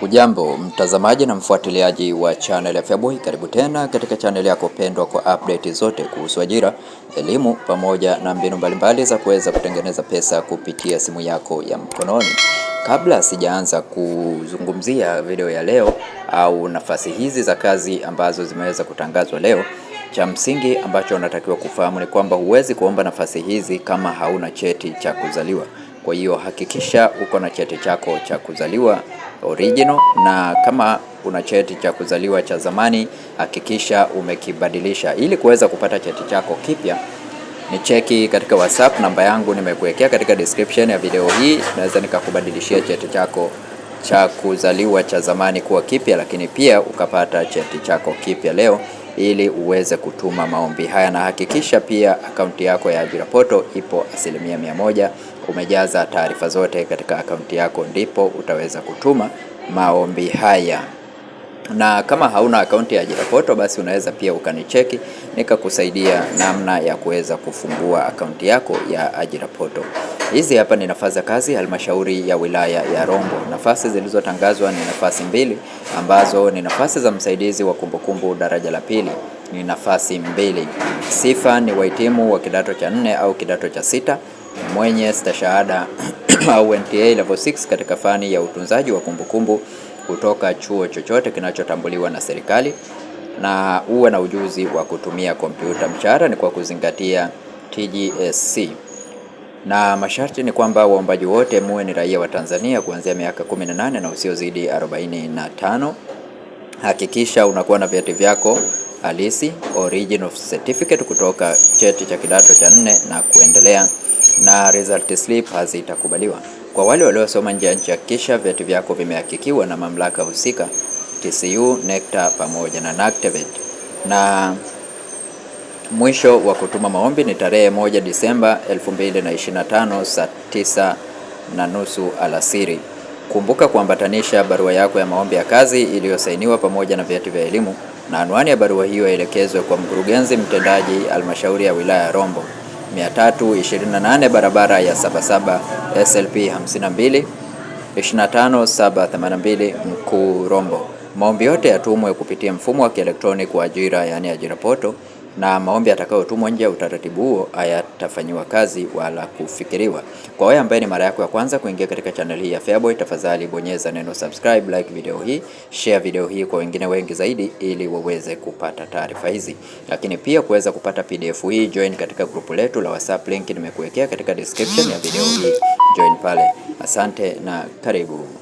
Ujambo mtazamaji na mfuatiliaji wa channel ya Feaboy, karibu tena katika channel yako pendwa kwa update zote kuhusu ajira, elimu pamoja na mbinu mbalimbali za kuweza kutengeneza pesa kupitia simu yako ya mkononi. Kabla sijaanza kuzungumzia video ya leo au nafasi hizi za kazi ambazo zimeweza kutangazwa leo, cha msingi ambacho unatakiwa kufahamu ni kwamba huwezi kuomba nafasi hizi kama hauna cheti cha kuzaliwa. Kwa hiyo hakikisha uko na cheti chako cha kuzaliwa original, na kama una cheti cha kuzaliwa cha zamani hakikisha umekibadilisha. Ili kuweza kupata cheti chako kipya, ni cheki katika WhatsApp, namba yangu nimekuwekea katika description ya video hii. Naweza nikakubadilishia cheti chako cha kuzaliwa cha zamani kuwa kipya, lakini pia ukapata cheti chako kipya leo ili uweze kutuma maombi haya, na hakikisha pia akaunti yako ya ajira poto ipo asilimia mia moja umejaza taarifa zote katika akaunti yako, ndipo utaweza kutuma maombi haya na kama hauna akaunti ya Ajira Portal basi unaweza pia ukanicheki nikakusaidia namna ya kuweza kufungua akaunti yako ya Ajira Portal. Hizi hapa ni nafasi za kazi halmashauri ya wilaya ya Rombo. Nafasi zilizotangazwa ni nafasi mbili ambazo ni nafasi za msaidizi wa kumbukumbu daraja la pili, ni nafasi mbili. Sifa ni wahitimu wa kidato cha nne au kidato cha sita mwenye stashahada au NTA level 6 katika fani ya utunzaji wa kumbukumbu kutoka chuo chochote kinachotambuliwa na serikali na uwe na ujuzi wa kutumia kompyuta. Mshahara ni kwa kuzingatia TGSC na masharti ni kwamba waombaji wote muwe ni raia wa Tanzania kuanzia miaka 18 na usiozidi 45. Hakikisha unakuwa na vyeti vyako halisi original certificate kutoka cheti cha kidato cha nne na kuendelea na result slip hazitakubaliwa. Kwa wale waliosoma nje ya nchi, hakikisha vyeti vyako vimehakikiwa na mamlaka husika TCU, NECTA pamoja na NACTVET. E na mwisho wa kutuma maombi ni tarehe moja Disemba 2025 saa 9 na nusu alasiri. Kumbuka kuambatanisha barua yako ya maombi ya kazi iliyosainiwa pamoja na vyeti vya elimu, na anwani ya barua hiyo elekezwe kwa mkurugenzi mtendaji halmashauri ya wilaya ya Rombo. 328 barabara ya 77 SLP 52 25782 rombo Maombi yote yatumwe kupitia mfumo wa kielektroniki wa ajira, yaani ajira poto na maombi yatakayotumwa nje ya utaratibu huo hayatafanyiwa kazi wala kufikiriwa. Kwa wewe ambaye ni mara yako ya kwanza kuingia katika channel hii ya Feaboy, tafadhali bonyeza neno subscribe, like video hii, share video hii kwa wengine wengi zaidi, ili waweze kupata taarifa hizi. Lakini pia kuweza kupata PDF hii, join katika grupu letu la WhatsApp, link nimekuwekea katika description ya video hii, join pale. Asante na karibu.